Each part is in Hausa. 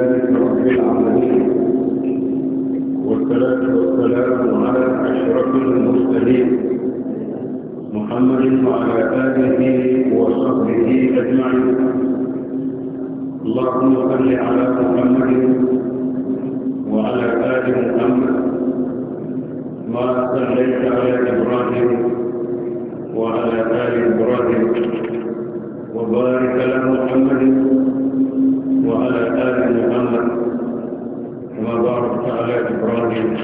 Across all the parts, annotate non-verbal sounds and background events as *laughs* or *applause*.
لله رب العالمين والصلاة والسلام على أشرف المرسلين محمد وعلى آله وصحبه أجمعين اللهم صل على محمد وعلى آل محمد ما صليت على إبراهيم وعلى آل إبراهيم وبارك على محمد وعلى آل محمد كما باركت على إبراهيم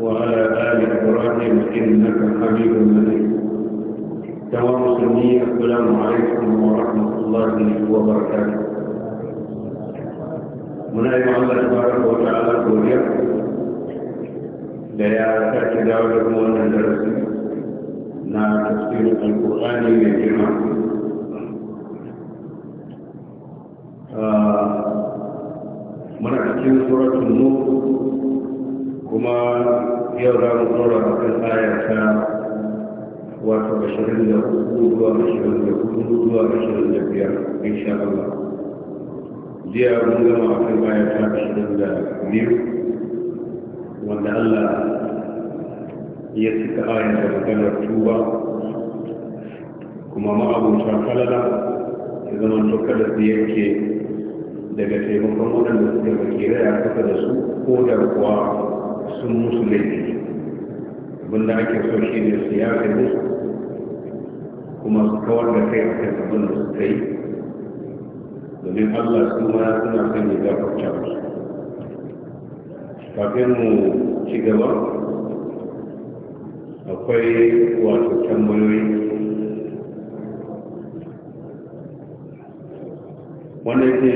وعلى آل إبراهيم إنك حميد مجيد تمام مسلمين السلام عليكم ورحمة الله وبركاته من أي الله تبارك وتعالى قوليا ليا تأتي دعوة من الدرس نعم تفسير القرآن mai cikin suratul nur kuma yau za mu tsora a kan aya ta wato ashirin da uku zuwa ashirin da hudu zuwa ashirin da biyar insha Allah jiya mun gama a kan aya ta ashirin da biyu wanda Allah ya cika aya da maganar tuba kuma ma'abuta falala ya zama to kada su daga taimakon waɗanda suke bakira ya kafa da su ko da kuwa sun musu laifi abin da ake so shi ne su yafe musu kuma su kawar da kai a kan abin da suka yi domin allah su ma suna kan ya gafarta musu kafin mu ci gaba akwai wato tambayoyi wanda yake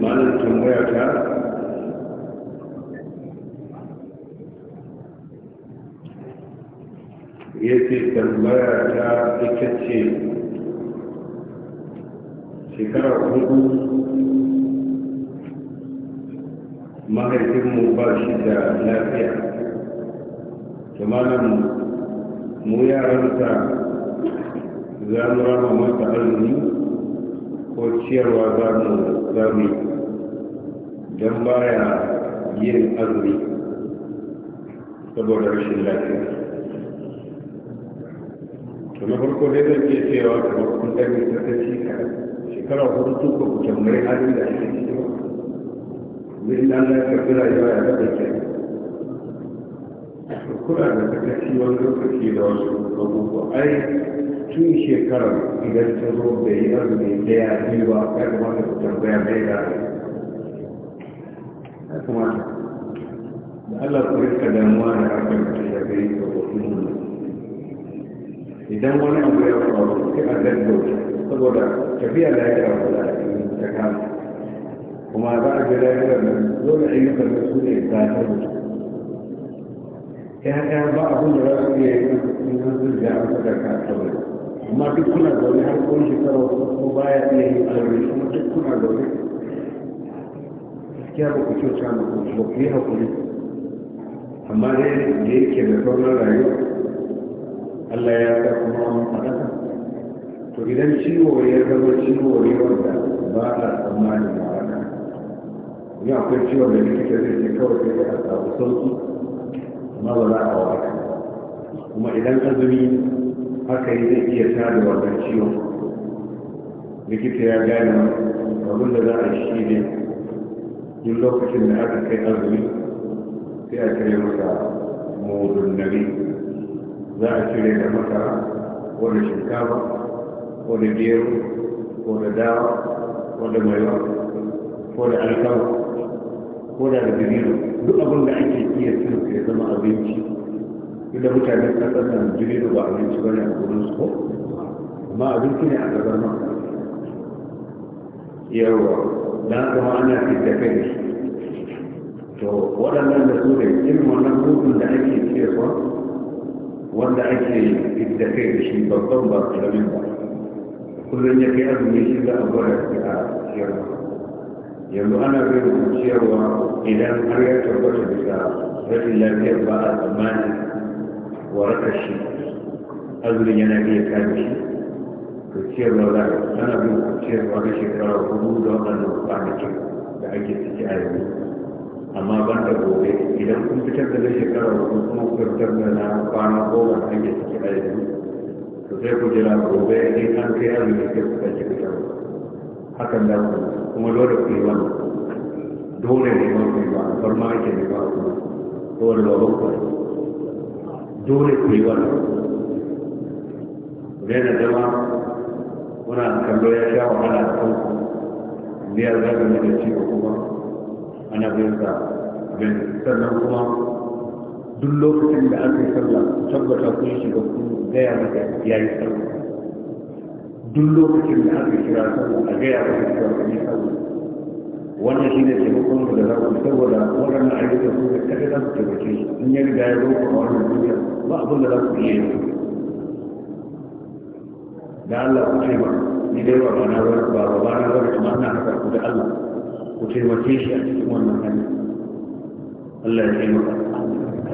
malar tambaya ta yake tambaya ta ita ce shekara hudu mahaifinmu ba shi da lafiya kimanin mu yaransa za mu rama masa azumi ko ciyarwa za mu za mu don baya yin azumi saboda rashin lafiya to na farko dai zan iya cewa kamar kun ɗan ta sakaci ka shekara hudu ko ku tambayi halin da ake ciki ba zai ya zaɓa kenan kuna da sakaci wani lokaci da wasu abubuwa ai tun shekarar idan ta zo da yi arzumi daya yi ba ya kamata ku tambaya mai da ya kamata da Allah ku rika damuwa da harkar da ya gai da wasu idan wani abu ya faru sai a daddo saboda tafiya lafiya ba a yi ta kama kuma za a ga lafiyar nan dole ayyukan su ne ta ta mutu کہاں کہاں باؤں لڑکی ہے درکار چل رہے ہیں ہمارا ٹکے ہم کوئی چکر ہو تو کھلا کیا کچھ ہمارے دیکھ کے رکنا رہے گا اللہ تو ادھر چن کوئی ہے وہ چن کو ہوئی اور پیچھے ہوئے amma ba za a warke kuma idan azumi haka yi zai iya tada wannan ciwon likita ya gane abin da za a shi ne in lokacin da aka kai azumi sai a cire masa mudun za a cire da masa ko da shinkafa ko da gero ko da dawa ko da maiwa ko da alkama ko da dabino duk abin da ake iya cin ya zama abinci inda mutane kasar nan dabino ba abinci bane a gurin su ko amma abinci ne a gaban ma yawa da kuma ana fita kai to waɗannan da su da irin wannan hutun da ake ciyarwa wanda ake fita kai da shi babban ba karamin ba kullum ya kai azumi shi za a gwada a ciyarwa yanzu ana bai cewa idan har ya tabbata bisa rashin lafiyar ba a tsammanin warakar shi azumin yana iya kare shi to ciyarwa za a ana bin ciyarwa na shekara hudu da wannan kwanakin da ake ciki a yanzu amma ban da gobe idan kun fitar da na shekara hudu kuma kuka fitar da na kwana goma da ake ciki a yanzu to sai ku jira gobe in an kai azumi sai ku sake fitarwa hakan da ku kuma dole ku yi wannan dole ne ma ku yi ba bar ma ake ne ba ku dole ba ku dole ku yi wannan daina zama muna kallo ya sha wahala a kan ku biyar zagin da ciwo kuma ana biyan sa abin sannan kuma duk lokacin da aka yi sallah tabbata kun shiga kun gaya maka ya yi sallah duk lokacin da aka kira sallah a gaya wa kasuwa da ne sallah wannan shi ne taimakon da za ku saboda waɗannan ayyuka su da kada za su taimake shi in ya riga ya roƙa a wannan duniya ba abin da za ku iya yi da Allah ku ce ba ni dai ba ba na ba ba ba na ba kuma ina haka ku da Allah ku taimake shi a cikin wannan hali Allah ya taimaka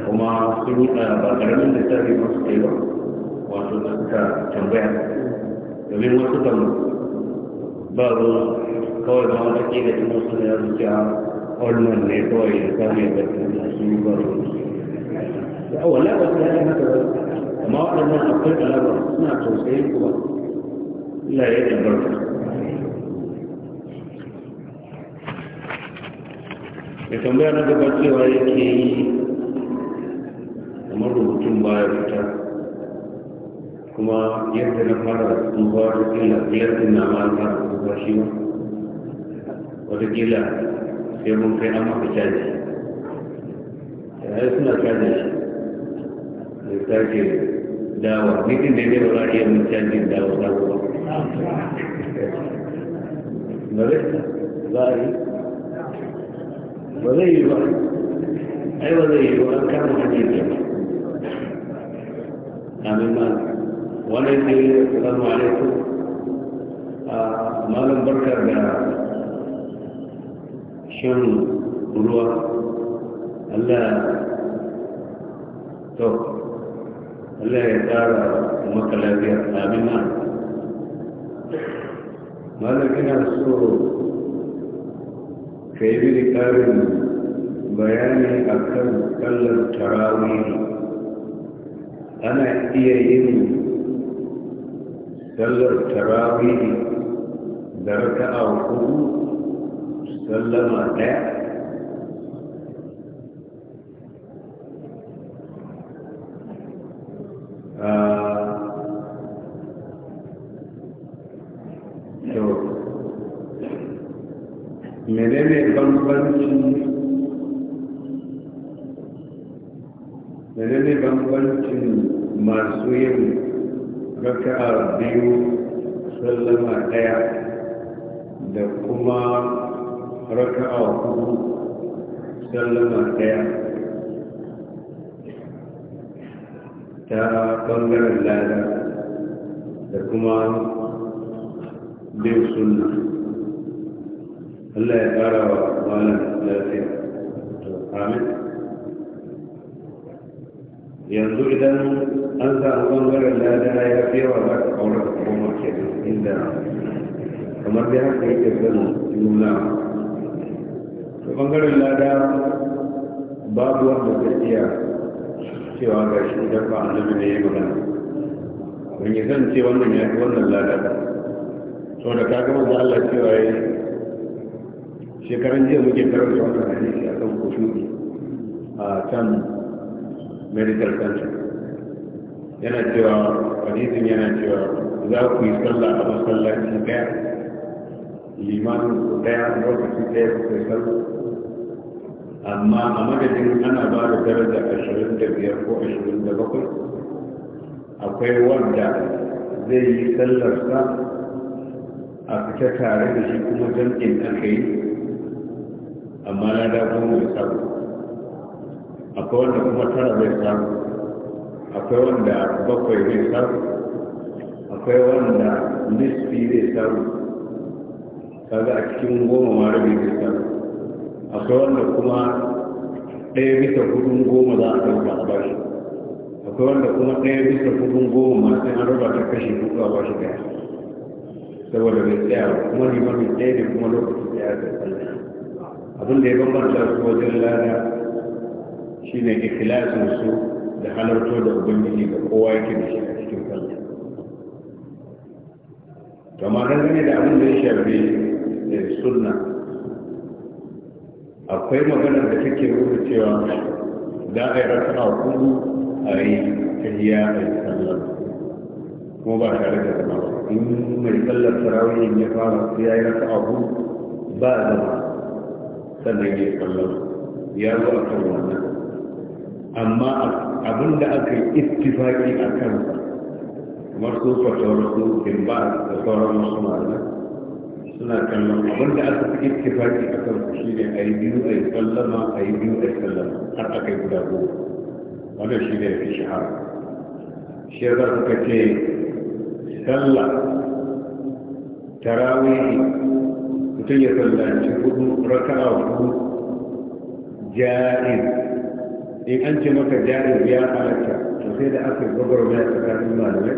kuma sun yi ba ƙaramin da tafi masu kai ba wato da suka tambaya domin wasu kan ba ruwa kawai ba wata kila in wasu na yanzu cewa olman ne kawai ya kame da kuma shi ba ruwa ya wala ba ta yi haka ba amma waɗannan akwai alamar suna tausayin kuwa ila ya yi albarka ya tambaya na gaba cewa yake yi kamar rubutun baya fitar كما يبدأ نفارة مفارة كلا قيادة النعمال فارة مفارشيمة ودكيلا في ممكن أما بجانش هذا سنة جانش يبتاج دعوة ميتين دي دي ورائية من جانش دعوة دعوة مرحة باري مرحة باري مرحة أي مرحة باري wannan ne salamu alaikum a malam Barkar da shan ruwa allah to allah ya tsara maka lafiya amin na malam ina so ka yi mini ƙarin bayani akan kan tsallar tarawih ana iya yin sallar tarawih da raka'a hudu sallama ɗaya ah, menene bambanci menene bambancin masu yin raka'a biyu sallama ɗaya da kuma raka'a hudu sallama ɗaya ta ɓangaren lada da kuma bin sunna Allah ya ƙara wa malam lafiya. Amin. yanzu idan an samu bangaren lada ya fi yawa za ka kaura ka koma ke inda kamar dai haka yake zan nuna ta bangaren lada babu wanda zai iya cewa ga shi idan ba annabi ne ya magana ban yi zan ce wannan ya fi wannan lada ba sau da kaga wanda Allah cewa ya shekaran jiya muke karanta wannan hadisi kan kusuri a can medical center yana cewa hadisin yana cewa za ku yi sallah a masallaci daya limanin ku daya lokacin daya ku kai sallah amma a madadin ana ba da daraja ashirin da biyar ko ashirin da bakwai akwai wanda zai yi sallarsa a fita tare da shi kuma jam'in aka yi amma na dafa mai sabu akwai wanda kuma tara zai samu akwai wanda bakwai zai samu akwai wanda nisfi zai samu kaga a cikin goma ma rabi zai samu akwai wanda kuma ɗaya bisa hudun goma za a ɗauka a bashi akwai wanda kuma ɗaya bisa hudun goma ma sai an raba ta kashe hudu a bashi ɗaya saboda bai tsaya kuma mafi ɗaya ne kuma lokaci ɗaya zai tsaya abin da ya bambanta su wajen lada shi ne ikhlasin su da halarto da ubangiji da kowa yake da shi a cikin sallah kamar dangane da abin da ya shafi eh, sunna akwai maganar da take rubuta cewa za a yi rasa a kudu a yi tahiya a yi sallar kuma ba tare da zama ba in mai sallar tarawih ya fara sai ya yi rasa abu ba zama sannan ya yi sallar ya zo a kan wannan amma abin da aka yi istifaki a kansa masu su fatawar ba gimba da sauran masu malamai suna kallon abin da aka fi istifaki a kansa su shine a yi biyu a yi sallama a yi biyu a yi sallama har aka yi guda goma wanda shi ne ya fi shahara shi ya zarta ka ce sallah tarawih mutum ya sallaci hudu raka'a hudu jaiz in an ce maka jarin ya halatta to sai da aka gobar mai tsakanin malamai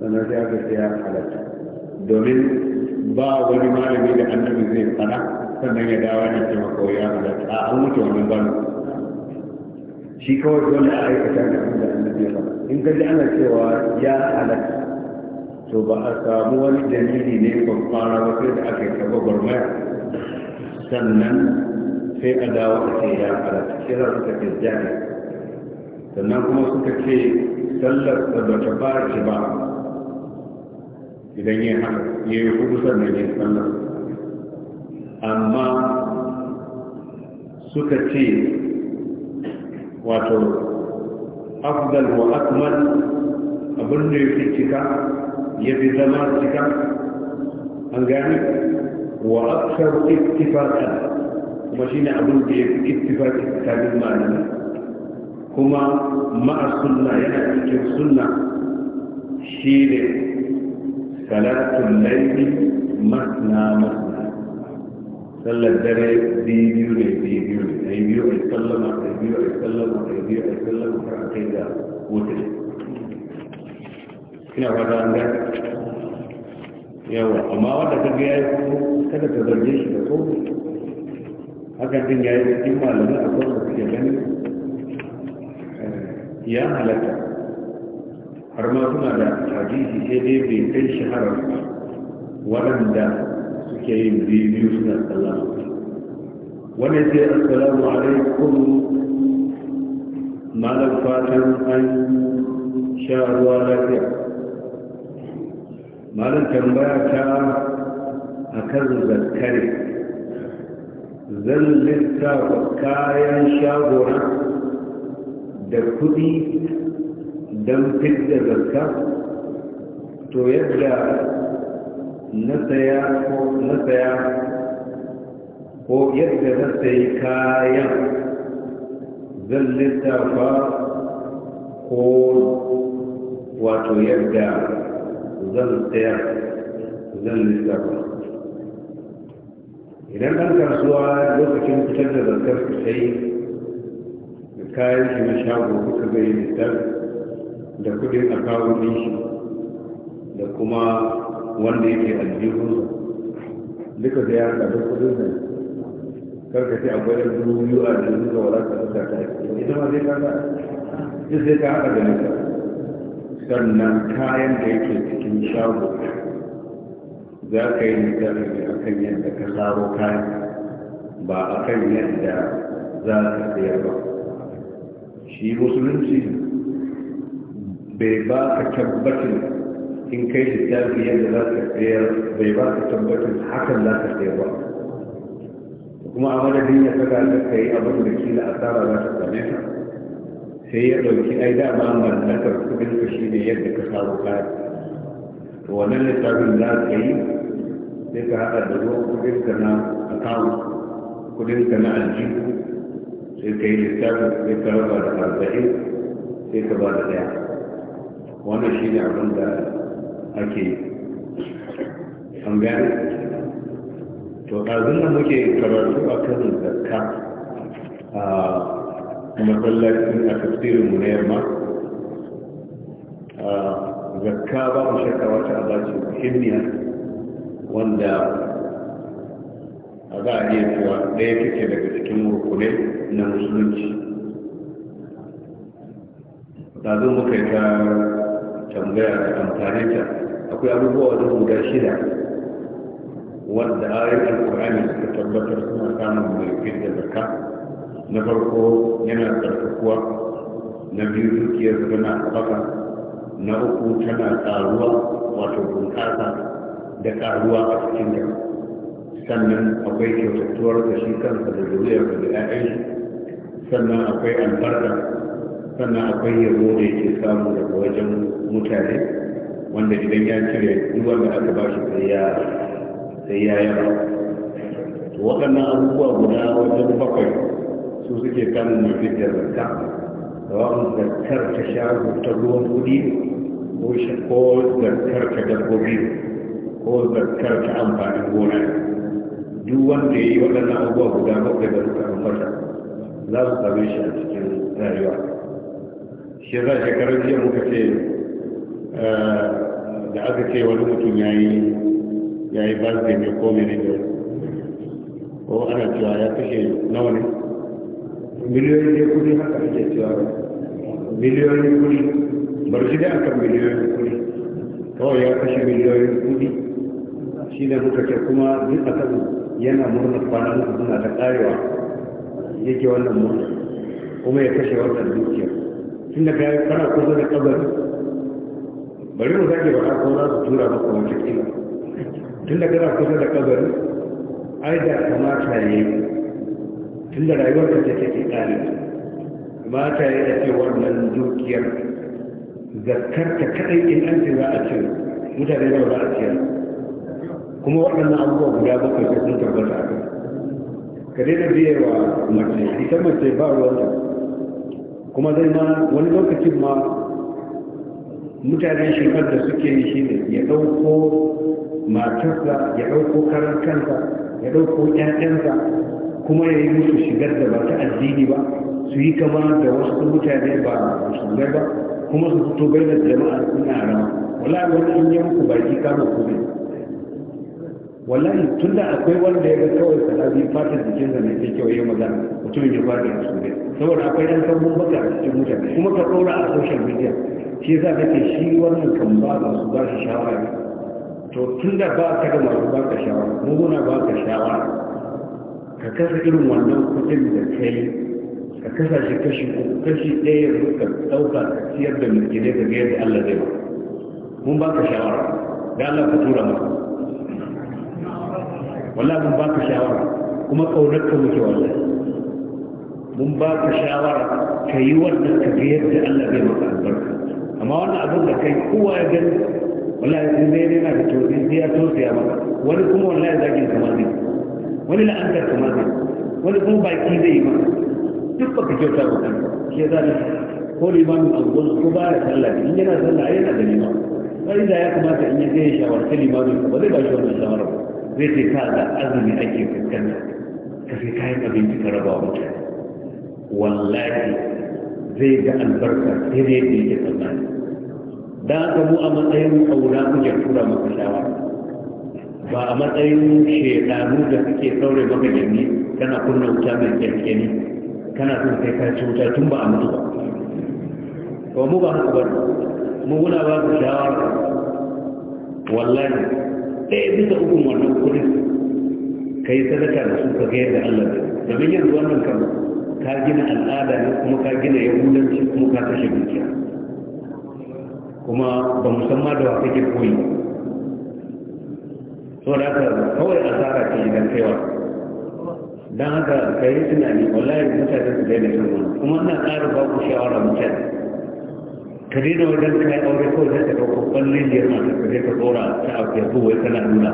sannan sai aka ce ya halatta domin ba wani malami da annabi zai fada sannan ya dawo yana ce maka ya halatta a an wuce wannan bano shi kawai dole a aikata da abin da annabi ya fada in ka ji ana cewa ya halatta to ba a samu wani dalili ne kwakwara ba sai da aka yi ta gobar mai sannan sai a dawo a ce ya halatta kira suka ce jari sannan kuma suka ce sallar da ba ta fara shi ba idan ya hana ya yi hudu sannan ya sallar amma suka ce wato afdal wa akmal abin da ya fi cika ya fi zama cika an gani wa aksar ittifaqan kuma shine abin da ya fi ittifaqi tsakanin malamai kuma ma'a sunna yana cikin sunna shine salatul layli masna masna sallar dare biyu ne biyu ne ai biyu ai sallama ai biyu ai sallama ai biyu ai sallama har a kai da wutar ina fata an gani yawa amma wanda ka ga ya yi kada ka zarge shi da komai haka din ya yi cikin malamin a wanda suke gani eh, ya halatta har ma suna da hadisi sai dai bai kai shaharar waɗanda suke yin biyu suna tsallama wani sai assalamu alaikum malam fatan an sha ruwa lafiya malam tambaya ta a kan zakare zan lissafa kayan shagora da kudi don fidda zakka to yadda na saya ko na saya ko yadda na sayi kayan zan lissafa ko wato yadda zan tsaya zan lissafa idan ɗan kasuwa lokacin fitar da zarkar ku sai da kayan shi na shago kuka zai listar da kudin a kawo shi da kuma wanda yake aljihun duka da ya haɗa duk kudin nan karka ce akwai da biyu a jirgin da wala ka ɗauka ta yi ita ma zai kaga duk zai ka haɗa da nisa sannan kayan da yake cikin shago za ka yi littafi ne a kan yadda ka saro kayan ba a kan yadda za ka sayar ba shi musulunci bai ba ka tabbatin in kai littafi yadda za ka sayar bai ba ka tabbatin hakan za ka sayar ba kuma a madadin ya saka da ka yi abin da kila asara za ta same ka sai ya ɗauki ai dama mallakar kudin ka shi ne yadda ka saro kayan to wannan littafin za ka yi sai ka haɗa da ruwan kudin ka na akawu kudin ka na aljihu sai ka yi littafin sai ka raba da arba'in sai ka ba da ɗaya wannan shi ne abin da ake yi an gane to ɗazin da muke karatu a kan zakka a masallacin a tafsirin mu na yamma zakka mu shakka wata Allah ce muhimmiya wanda a za a iya cewa ɗaya take daga cikin rukunai na musulunci ɗazin muka ta tambaya da amfani ta akwai abubuwa wajen guda shida wanda ayoyin alkur'ani suka tabbatar suna samun mai da zakka na farko yana tsarkakuwa na biyu dukiyar tana a na uku tana karuwa wato bunƙasa da karuwa a cikin da sannan akwai kyautattuwar da shi kansa da zuriyar da ya'yan sannan akwai albarka sannan akwai yabo da yake samu daga wajen mutane wanda idan ya cire duk wanda aka ba shi sai ya yi ba waɗannan abubuwa guda wajen bakwai su suke kanin mafi da zarta da wa'an zartar ta sha ta ruwan kuɗi ko shi ko zarkar ka dabbobi ko zarkar ka amfanin gona duk wanda ya yi waɗannan abubuwa guda bakwai da suka ambata za su same shi a cikin rayuwa shi za shi karar jiya muka ce eh, da aka ce wani mutum ya yi ya yi ba zai ko komi ne ko ana cewa ya kashe nawa ne miliyoyin ne kudi haka ake cewa miliyoyin kudi bar shi da aka miliyoyin kuɗi kawai ya kashe miliyoyin kuɗi shi ne muka ce kuma duk a kan yana murna kwana uku suna da ƙarewa yake wannan murna kuma ya kashe wannan dukiyar da ka kana kusa da kabari bari mu sake wata kuma za su tura maka wata kila da kana kusa da kabari ai da kamata ne da rayuwar ta ce take ƙare mata ya ce wannan dukiyar zakar ta kadai in an ce za a ce mutane nawa za a ce kuma waɗannan abubuwa guda ba kai sun tabbata akan ka daina biye wa mace ita mace ba ruwanta kuma zai ma wani lokacin ma mutanen shekar da suke yi shi ne ya ɗauko matarsa ya ɗauko karan kansa ya ɗauko ƴaƴansa kuma ya yi musu shigar da ba ta addini ba su yi kama da wasu mutane ba musulmai ba kuma su fito bai da jama'a suna haram wallahi wani in yi muku baki kama ku ne wallahi tun da akwai wanda ya ga kawai salabi fatan jikin da mai kyau ya maza mutum ya fara da su ne saboda akwai dan kan baka a cikin mutum kuma ka ɗora a social media shi yasa kake shi wannan kan ba ba su ba shi shawara to tun da ba ka da masu ba ka shawara mu muna ba ka shawara ka kasa irin wannan kuɗin da kai ka kasa shi kashi uku kashi ɗaya ya zuka ɗauka ka siyar da miskine ka ga yadda Allah zai ba mun baka shawara da Allah ka tura maka wallahi mun baka shawara kuma kaunar ka muke wallahi mun baka shawara ka yi wannan ka ga yadda Allah zai maka albarka amma wannan abin da kai kowa ya gani wallahi sun zai yana da tosi sai ya tosi ya maka wani kuma wallahi zagin kamar zai wani la'antar kamar zai wani kuma baki zai yi maka duk baka kyauta ba kanka shi ya zane ko limamin anguwan ko ba ya sallah in yana sallah yana da limam sai da ya kamata in ya zai shawarci limamin ba zai ba shi wannan shawara zai ce ka da azumi ake fuskanta ka sai kayan abinci ka raba mutane wallahi zai ga albarka sai dai da yake tsammani da aka mu a matsayin aura kuke tura maka shawara ba a matsayin shekaru da suke saurin maka gani kana kunna wuta mai kyarkeni kana son kai ka ci wuta tun ba a mutu ba to mu ba haka ba mu muna ba ku shawar wallahi ɗaya bisa ukun wannan Ka kai sadaka da su ka ga yadda Allah zai domin yanzu wannan kan ka gina al'ada ne kuma ka gina yahudanci kuma ka kashe dukiya kuma ba musamman da wa kake koyi saboda haka kawai asara ce idan kaiwa don haka ka yi tunani wallahi mutane su daina shan wani kuma ina ƙara ba ku shawara mutane ka daina wajen ka yi aure ko zai taɓa kwakwan lingiyar da yana ka je ka ɗora ta abu ya wai kana nuna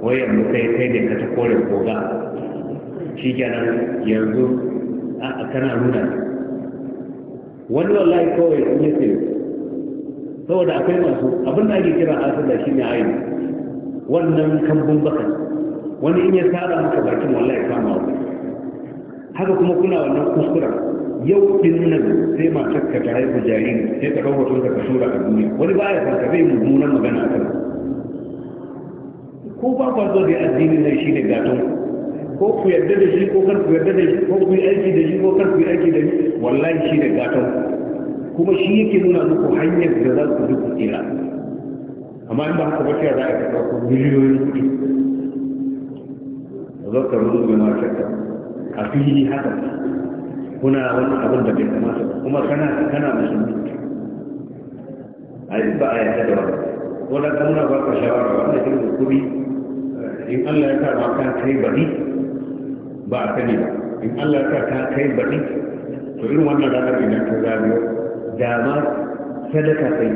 wai yanzu kai kai ne ka ta kore koga shi kenan yanzu a kana nuna wani wallahi kawai sun yi tsaye saboda akwai masu abin da ake kira asir da shi ne ayi wannan kambun bakan wani in ya tsara maka bakin wallahi kama wa haka kuma kuna wannan kuskuren yau din nan sai ma ka ta haihu jariri sai ta kawo ta ka tura a duniya wani ba ya farka bai mummunan magana akan ko ba ku zo da addini nan shi da gatun, ko ku yarda da shi ko kar ku yarda da shi ko ku yi aiki da shi ko kar ku yi aiki da shi wallahi shi da gatun. kuma shi yake nuna muku hanyar da za ku bi ku tsira amma in ba haka ba za a ka ku miliyoyin kuɗi zaka rungu ma shakka a fili haka kuna wani abin da bai kamata kuma kana kana musulmi yi ba a yarda da wannan wadda ta ka shawara ta yi kuɗi in Allah ya ta ba ka kai bari ba a kani ba in Allah ya ta ka kai bari to irin wannan ranar idan ta zagayo da ma sadaka sai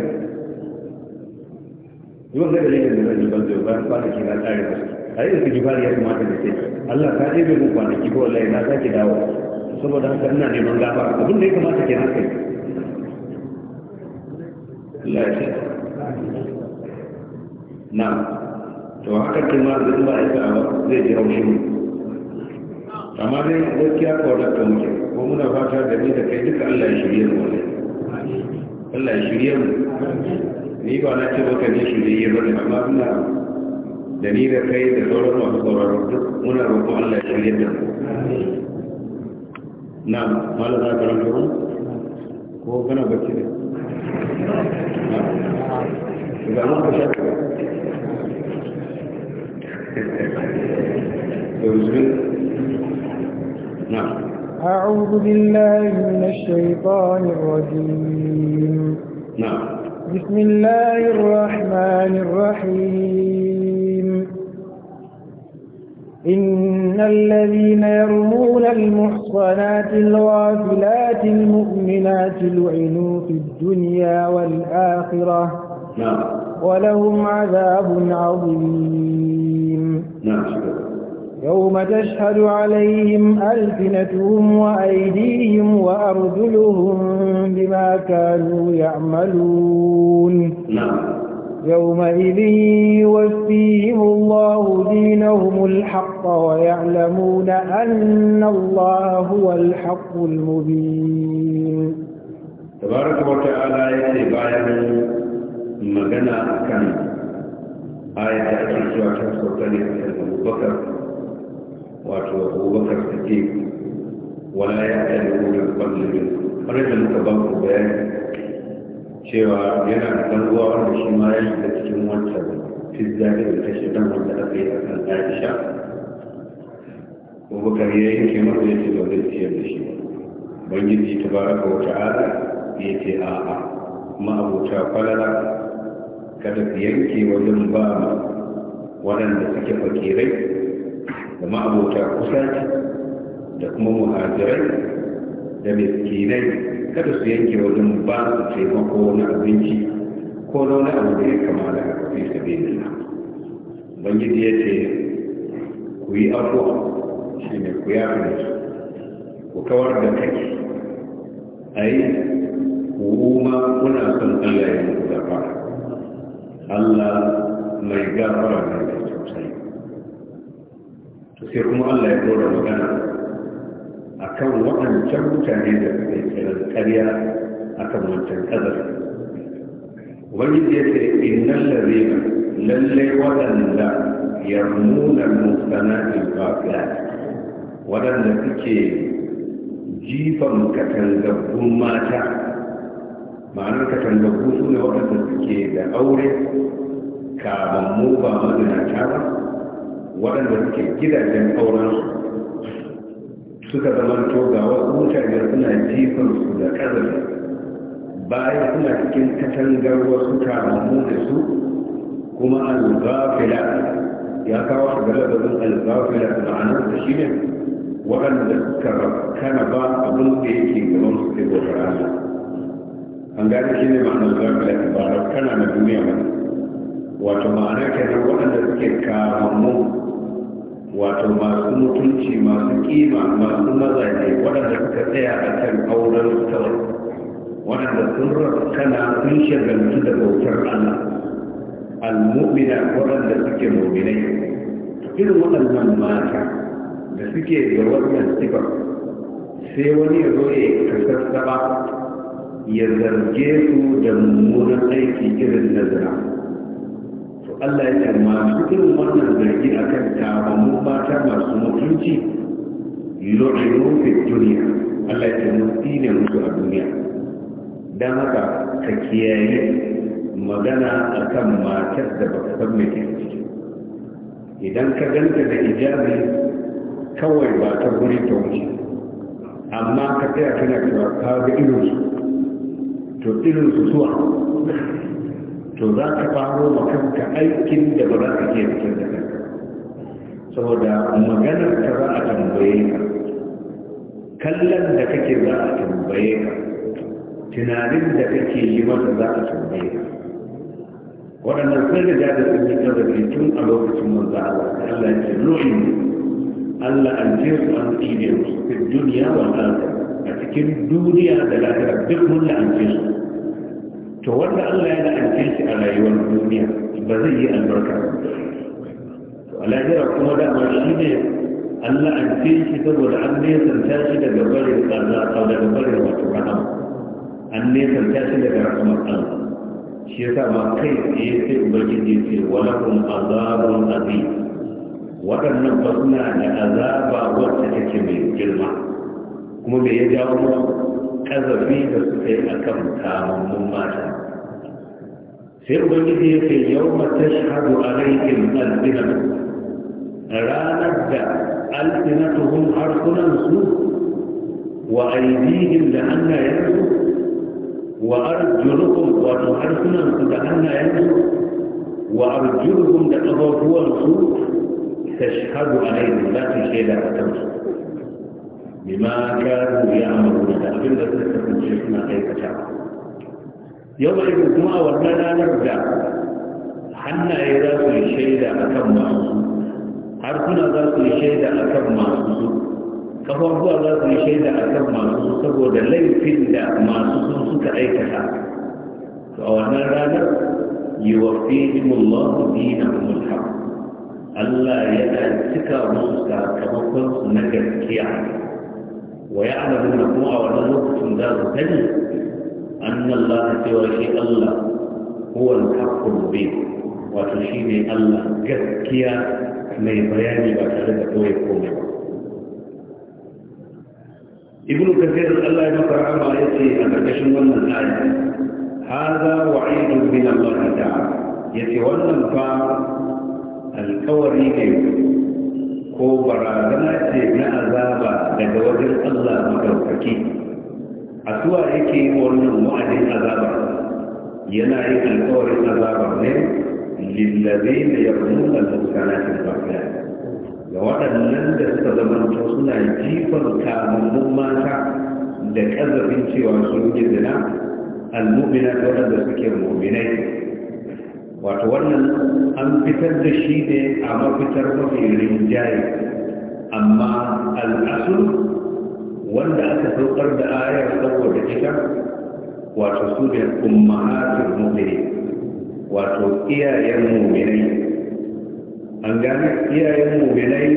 yau da dalilin da zai ban zai ban kwanaki na tsari ba a yi istighfari ya kamata da sai Allah ka ɗebe mun kwanaki ko wallahi na sake dawo saboda haka ina neman gafara abin da ya kamata kenan kai Allah ya na to haka ma da ba ya sa zai ji haushin amma dai gaskiya ko da muke ko muna fata da ni da kai duka Allah ya shirye mu ne Allah ya shirye mu ni ba na ce baka ne shirye ba amma ina da ni da kai da sauran masu sauraro duk muna roƙon Allah ya shirye da mu na malam za ka rantsa ko kana bacci ne ga mun kashe أعوذ بالله من الشيطان الرجيم نعم بسم الله الرحمن الرحيم إن الذين يرمون المحصنات الغافلات المؤمنات لعنوا في الدنيا والآخرة نعم ولهم عذاب عظيم نعم يوم تشهد عليهم ألسنتهم وأيديهم وأرجلهم بما كانوا يعملون نعم يومئذ يوفيهم الله دينهم الحق ويعلمون أن الله هو الحق المبين تبارك وتعالى يتبايا مغنى كان آية أكيد وعشان سلطان أبو بكر وعشان أبو بكر الصديق ولا يأتي أبو بكر رجل تبارك بيانه cewa yana da wanda shi ma ya shiga cikin wancan fizza da ta shi dan wanda aka yi a kan aisha bakar ya yanke masa ya ce ba zai ciyar da shi ba ubangiji ta baraka wata ala ya ce a'a ma'abuta kwalala kada ku yanke wajen ba waɗanda suke fakirai da ma'abuta kusa da kuma muhajirai da miskinai kada su yanke wajen ba su taimako na abinci ko na wani abu da ya kama da fi sabi da na bangiji ya ce ku yi afuwa shi ne ku ya musu ku kawar da kai a ku kuma kuna son allah ya yi zafa allah mai gafara ne sosai to sai kuma allah ya dora magana a kan mutane da suka yi tsirar ƙarya a kan wancan ƙazar ubangiji ya ce innan lalina lallai waɗanda yarmuna da fafiya waɗanda suke jifan katangabbun mata ma'anar katangabbu su ne waɗanda suke da aure mu ba mazinata ba waɗanda suke gidajen aurensu suka zamanto ga wasu mutane suna jifan su da kazafi bayan suna cikin katangar wasu karamu da su kuma alzafila ya kawo su gaba da al alzafila ma'anar da shi ne waɗanda suka kana ba abin da yake gaban su ke bautar Allah an gane shi ne ma'anar gafila ba kana na duniya ba wato ma'ana kenan waɗanda suke karamu wato masu mutunci masu kima masu mazaje waɗanda suka tsaya a kan auren kawai waɗanda sun raskana sun shagaltu da bautar Allah al-mu'mina waɗanda suke mu'minai irin waɗannan mata da suke da wannan sifar sai wani ya zo ya kasassaba ya zarge su da mummunan aiki irin nazara. Allah ya kama masu irin wannan zargi a kan tabanin mata masu mutunci lu'inu fi duniya Allah ya kama mutu musu a duniya don haka ka kiyaye magana a kan matar da ba ka san mai idan ka ganta da ijabi kawai ba ta guri ta wuce amma ka tsaya tana cewa ka ga irinsu to irinsu zuwa. to za ka faro ma kanka aikin da ba za ka iya fitar da kanka saboda maganar ka za a tambaye ka kallon da kake za a tambaye ka tunanin da kake yi masa za a tambaye ka waɗannan sai da jada sun yi nazari tun a lokacin manzo Allah Allah ya ce ru'in Allah an ce su an tsine su fi duniya wa a cikin duniya da lafiya duk mun da an su to wanda Allah ya la'ance shi a rayuwar duniya ba zai yi albarka to alajira kuma dama shi ne an la'ance shi saboda an nesanta shi daga barin Allah ko daga barin wato rahama an nesanta shi daga rahamar Allah shi yasa ma kai tsaye sai ubangiji ce walakum azabun azim waɗannan ba suna da azaba wacce take mai girma kuma me ya jawo azabi da suka yi a kan kamammun mata sai ubangiji ya ce yau mata shahadu a laikin alzinan ranar da alzinatuhun harsunansu wa aidihin da hannayensu wa arjunukum wato harsunansu da hannayensu wa arjunukum da ƙafafuwansu tashhadu alaihim za su shaida a kansu بما كانوا يعملون لكن بس تكون شيخنا كيف كان يوم الجمعة ولنا نرجع حنا إذا كل شيء لا أكم ما أرسل إذا كل شيء لا أكم ما كفر هو إذا كل شيء لا أكم ما سبوا دلعي في لا ما سبوا سك أي كلام فأنا رجع يوفيهم الله دينهم الحق الله يأتيك رزقك وفرس نكت يعني ويعلم ويعلمون كما ونزلتم دار تجد أن الله سوى شيء الله هو الحق المبين وتشيني الله جزكيا من بياني وكذلك هو يقوم ابن كثير الله يمكر عما يسي أن تشن ونن هذا وعيد من الله تعالى يتولى الفار الكوري ko barazana ce na azaba daga wajen Allah madaukaki a suwa yake wannan wa'adin azaba yana yin alkawarin azaba ne lillabe da ya kuma al-muhsanatin ga waɗannan da suka zamanta suna jifar kamammun mata da ƙazafin cewa sun yi zina al-mu'mina da suke mu'minai wato wannan an fitar da shi ne a mafitar mafi rinjaye amma al'asul wanda aka saukar da ayar saboda ita wato su ne ummahatul mu'minin wato iyayen mu'minai an gane iyayen mu'minai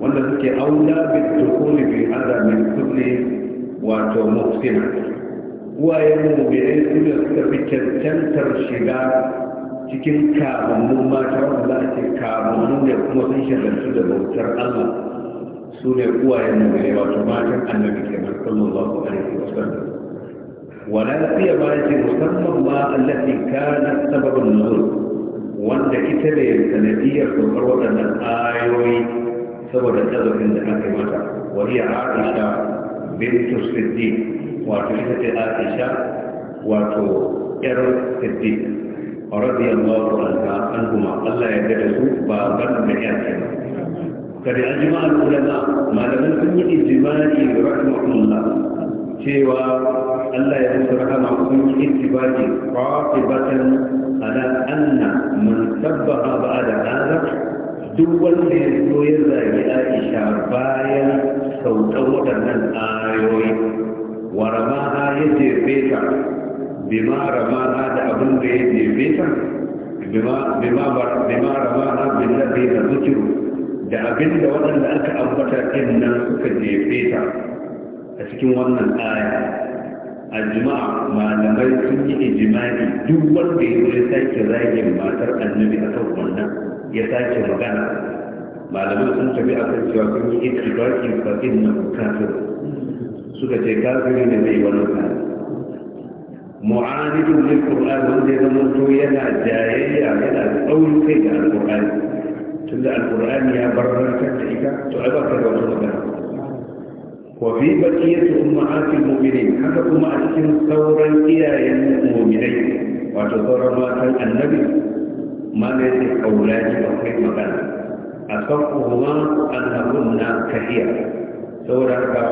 wanda suke aula bil dukuli bil azamin kulli wato muhsina uwayen mu'minai su ne suka fi cancantar shiga cikin kamannin mata wanda za a ce kamannin da kuma sun shagaltu da bautar Allah su ne uwayen da gare wato matan annabi ke kenan sallallahu alaihi wasallam wala fiye ba ya ce musamman ma allati kana sababin nuzul wanda ita ne sanadiyar saukar waɗannan ayoyi saboda tazafin da aka yi mata wani ya aisha bintu siddiq wato ita ce aisha wato yar siddiq رضي الله عنهما الله يدرسوا بابا بحياتهم kada ajima al-ulama malaman sun yi ijimali rahmatullah cewa Allah ya musu rahama sun yi ijimali qatibatan ala mun man ba da hadha duk wanda ya zo ya zagi Aisha bayan sautan waɗannan ayoyi wa ya jefe ta bima ramaha da abin da ya jefe ta bima ramaha bin lafi da zukiru da abin da waɗanda aka ambata ɗin nan suka jefe ta a cikin wannan aya a jima'a malamai sun yi ijimai duk wanda ya zai sake zagin matar annabi a kan wannan ya sake magana malamai sun tafi a kan cewa sun yi ikirarki fa'in na kafin suka ce kafin ne zai wani kafin mu'anidun lil qur'an wanda ya mutu, yana jayayya yana tsauri kai da alqur'ani tunda alqur'ani ya barrantar da ita to ai ba ka da wata magana wa fi baqiyati ummahatil mu'minin haka kuma a cikin sauran iyayen mu'minai wato sauran matan annabi ma ne sai kaulaji akwai magana a sakkuhuma annahunna kahiya saboda haka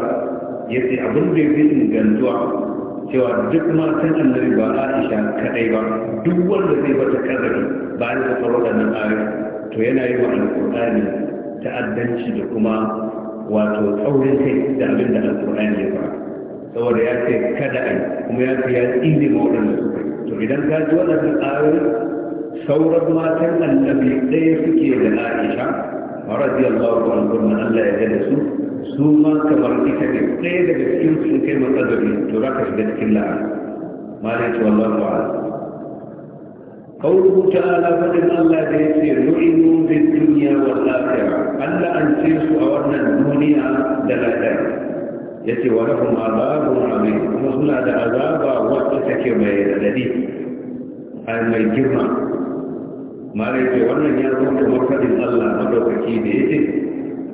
yace abin da yake ingantuwa cewa duk matan annabi ba aisha kadai ba duk wanda zai bata karrabi ba ya da waɗannan ayoyi to yana yi wa alƙur'ani ta'addanci da kuma wato tsaurin kai da abin da alƙur'ani ya fara saboda ya ce kada a kuma ya ce ya tsine ma waɗanda su. to idan ka ji waɗannan ayoyi sauran matan annabi ɗaya suke da aisha radiyallahu na Allah ya gada su su ma kamar ita ne ɗaya daga cikin sun kai matsadari to za ka shiga cikin la'a malai ce wallahu ta'ala qawluhu ta'ala fadin Allah da yace nu'inu bid dunya wal akhirah Allah an ce su a wannan duniya da lahira yace wa lahum azabun azim kuma suna da azaba wacce take mai radadi mai girma mara yake wannan ya zo da mafadin Allah madaukaki da yake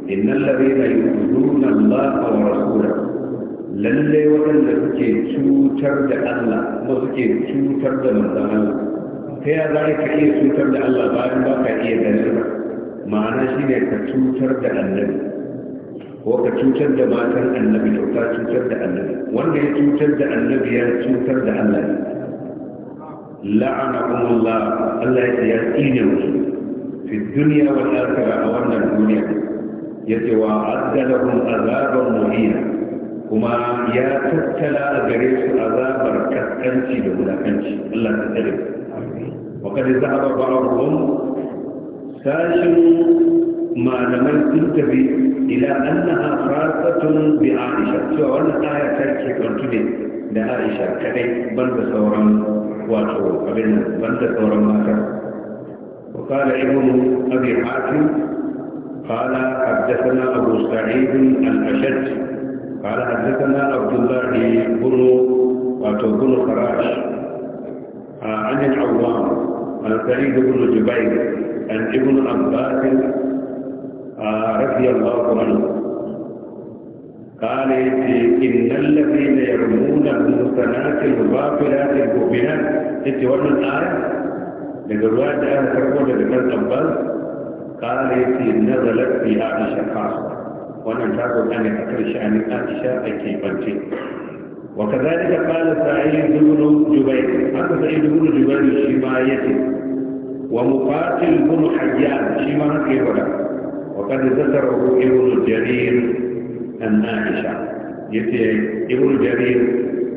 innal yi yu'minuna lafa wa rasulahu lallai waɗanda suke cutar da Allah kuma suke cutar da manzon Allah ta ya za ka iya cutar da Allah bayan ba ka iya ganin ba ma'ana shine ka cutar da annabi ko ka cutar da matan annabi to ka cutar da annabi wanda ya cutar da annabi ya cutar da Allah la'anahum Allah Allah ya tsine musu fi dunya wal akhirah a wannan duniya ce wa azzalahum azabar muhina kuma ya tattala a gare su azabar kaskanci da wulakanci Allah ta tsare wa kad zahaba ba'dhum sashin malaman sun tafi ila annaha khasatun bi aisha cewa wannan aya ta ke kantu ne da aisha kadai ban da sauran wato abin ban da sauran mata وقال ابن ابي حاتم قال حدثنا ابو سعيد al قال حدثنا عبد الله بن wato bin farash an yi awam alkari da bin jubai an ibn abbas radiyallahu قال إن الذين يرمون المحصنات الغافلات المؤمنات إنت ورد الآية من الرواية الآية تقول لمن أبل قال نزلت في عائشة خاصة وانا تقول أن أكرش شان عائشة أكيبتي وكذلك قال سعيد بن جبير هذا سعيد بن جبير شمايته ومقاتل بن حيان ولا وقد ذكره ابن جرير an aisha ya ce ibn jarir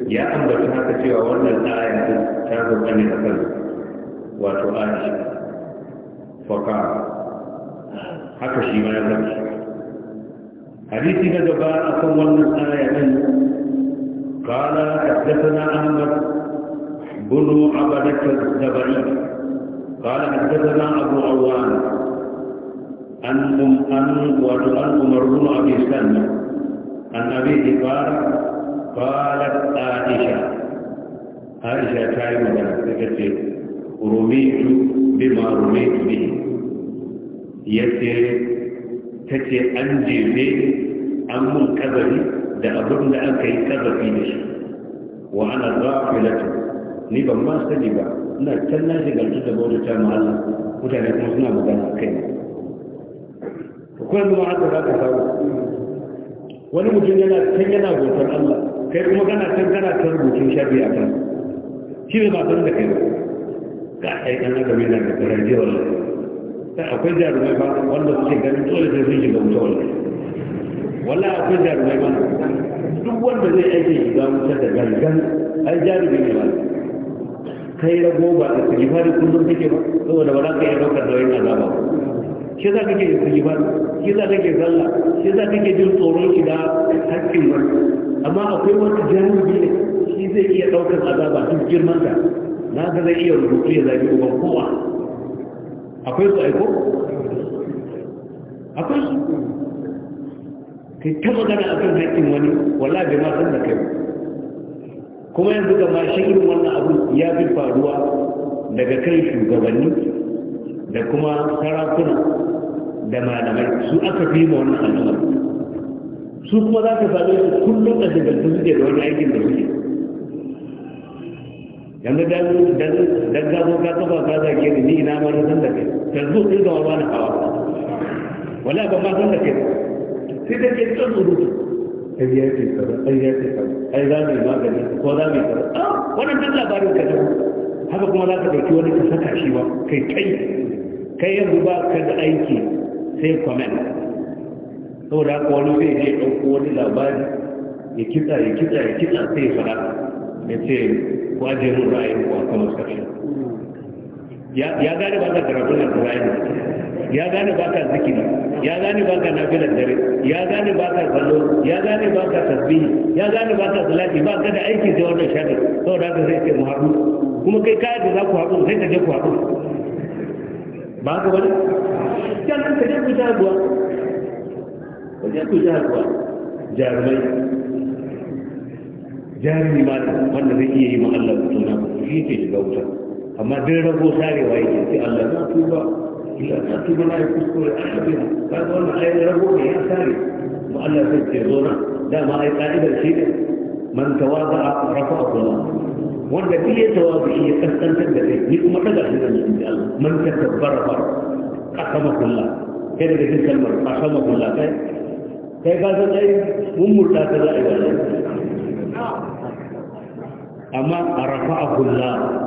ya ambata haka cewa wannan aya ta zo kan ne akan wato aisha faka haka shi ma ya zama hadisi na gaba akan wannan aya nan قال حدثنا احمد بن عبدة الزبري قال حدثنا ابو عوان عن عن عن عمر بن ابي سلمه النبي قال قالت عائشة عائشة تعيب لها تكتب رميت بما رميت به يتي تتي أنجي في أم الكبر لأبن لأن كي في نشر وأنا غافلة نبا ما سجبا لا تنازي قال جدا بوجه تام الله وتعني كمسنا مدانا كيما وكل ما عدد هذا wani mutum yana can yana bautar Allah kai kuma kana can kana can rubutun shafi a kan shi ne ba san da kai ga ai kan aka bi da karan ji wallahi sai akwai jarumai ba wanda suke ganin dole sai sun shiga wuta wallahi wallahi akwai jarumai ba duk wanda zai aike shiga wuta da gangan ai jarumi ne ba kai rago ba da kuma kullum take ba saboda ba za ka iya daukar nauyin azaba ba shi za kake zulibar shi za kake zalla shi za kake jin tsoron da hakkin wani amma akwai wata jami'i ne shi zai iya ɗaukar azaba duk girman ta na ga zai iya rubutu ya zabi uban kowa akwai su aiko akwai su ka ta magana akan hakkin wani wala bai ma san da kai kuma yanzu ga ma shi irin wannan abu ya fi faruwa daga kan shugabanni da kuma sarakuna da malamai su aka fi ma wannan al'umma su kuma za ka same su kullum a shigarta suke da wani aikin da suke yanzu da dan zo ka kafa ka za ni ni ina ma san da kai tarzo din ga wani hawa wala ba ma san da kai sai da ke tsaro rubutu ta ya ce kaza ai ya ce kaza ai za mu magani ko za mu yi kaza ah, wannan duk labarin ka ne haka kuma za ka ɗauki wani ka saka shi ba kai kai kai yanzu ba ka da aiki sai comment saboda haka wani zai je ɗauko wani labari ya kitsa ya kitsa ya kitsa sai ya faɗa ya ce ko aje mun ra'ayin ko a kuma ya gane ba ka karatu na ra'ayin ya gane ba ka zikiri ya gane ba ka nafilar dare ya gane ba ka kallo ya gane ba ka tasbihi ya gane ba ka zalaki, ba ka da aiki sai wannan shaɗin saboda haka zai ce mu haɗu kuma kai kayan da za ku haɗu sai ka je ku haɗu ba ka bane kan kan ka je ku jaruwa ku je ku jaruwa jarumai jarumi ma wanda zai iya yi ma Allah ku tuna shi ke shiga wuta amma duk rago sarewa yake sai Allah na tuba ila na tuba na ya kuskure Allah bai ka ga wannan ayyukan rago ne ya sare ma Allah sai ce zo na dama ai ka'idar shi ne من تواضع رفعه الله وانت في ايه توابعية قسطنة بكي إيه يكما قدر ان شاء الله من تكبر فر قسمك الله كيف تكلم المرء قسمك الله كيف كيف هذا الشيء ممتع كذا أيضا أما رفعه الله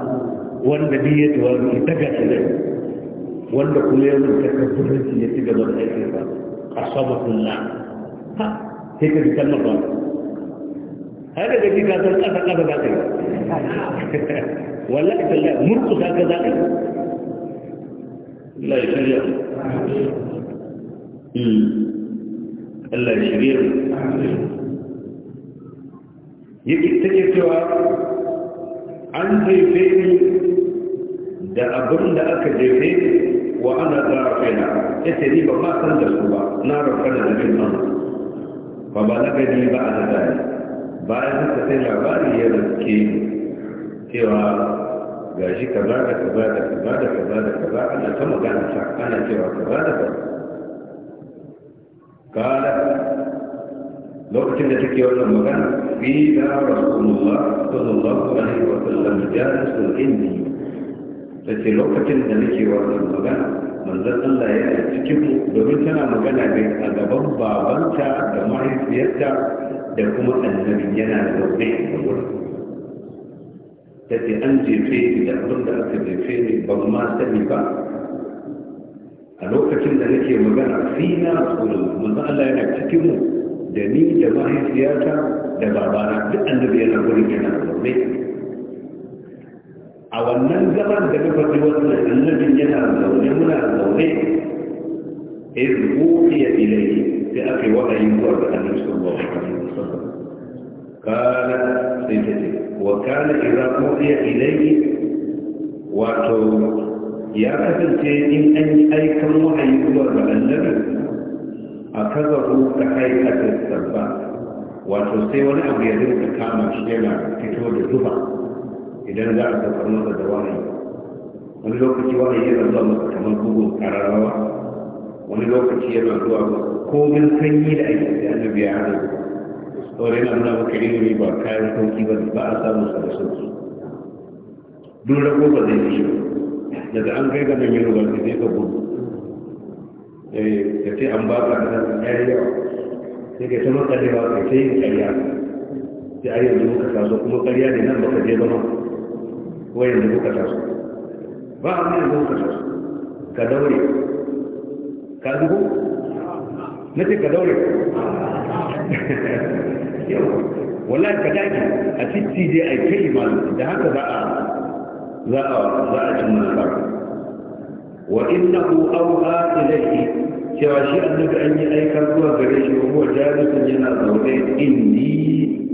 وانت في توابعية تكسل إيه وانت كل يوم تكبر في قسمه الله ها كيف تكلم المرء har da kake gasar ƙasa ƙasa za ta yi wallahi tallahi murkusa ka za ta yi Allah shirya hmm. Allah shirya yake take cewa an jefe ni da abin da aka jefe wa ana zarafina ya ce ni ba ma san da su ba na rafa da nabin ba ba na gani ba a nazari bayan haka sai labari ya riske cewa ga shi kaza da kaza da kaza da kaza da kaza ana ta magana ta ana cewa kaza da kaza kala lokacin da take wannan magana fi da rasulullah sallallahu alaihi wa sallam jalisul indi lokacin da nake wannan magana manzon Allah yi cikin domin tana magana ne a gaban babanta da mahaifiyarta da kuma annabi yana da zaune a wurin ta ce an jefe ni da abin da aka jefe ni ban ma sani ba a lokacin da nake magana fina rasulullah manzan Allah yana cikin da ni da mahaifiyata da babana duk annabi yana wurin yana zaune a wannan zaman da muka ji wannan annabin yana zaune muna zaune iz uqiya ilayhi sai aka yi wa'ayi zuwa ga annabi sallallahu alaihi wasallam kana sai ta ce wa kana idza uqiya ilayhi wato ya kasance in an yi aikan wa'ayi zuwa ga annabi a kazahu ka aikata sabba wato sai wani abu ya ka kama shi yana fito da zuba idan za a saukar masa da wahayi wani lokaci wahayi yana zuwa masa kamar bugun kararrawa wani lokaci yana zuwa komin sanyi da ake da annabi ya hana saboda yana nuna maka ilimi ba kayan sauki ba ba a samu sa da sauki duk rago ba zai yi daga an kai ganin yin ruwa da zai ka gudu da eh, ce an ba ka da yayi yawa sai ka ta maka da ba ka ce yin karya sai a yanzu muka kasuwa kuma karya ne nan baka je ba ma wayan da kuka taso ba a mai da kuka taso ka daure ka dubu na ce ka daure *laughs* yau wala ka daki a titi dai a kai malu da haka za a za a za a cin nasara wa innahu awha ilayhi cewa shi annabi an yi aikar zuwa gare shi wa huwa jalisun yana zaune inni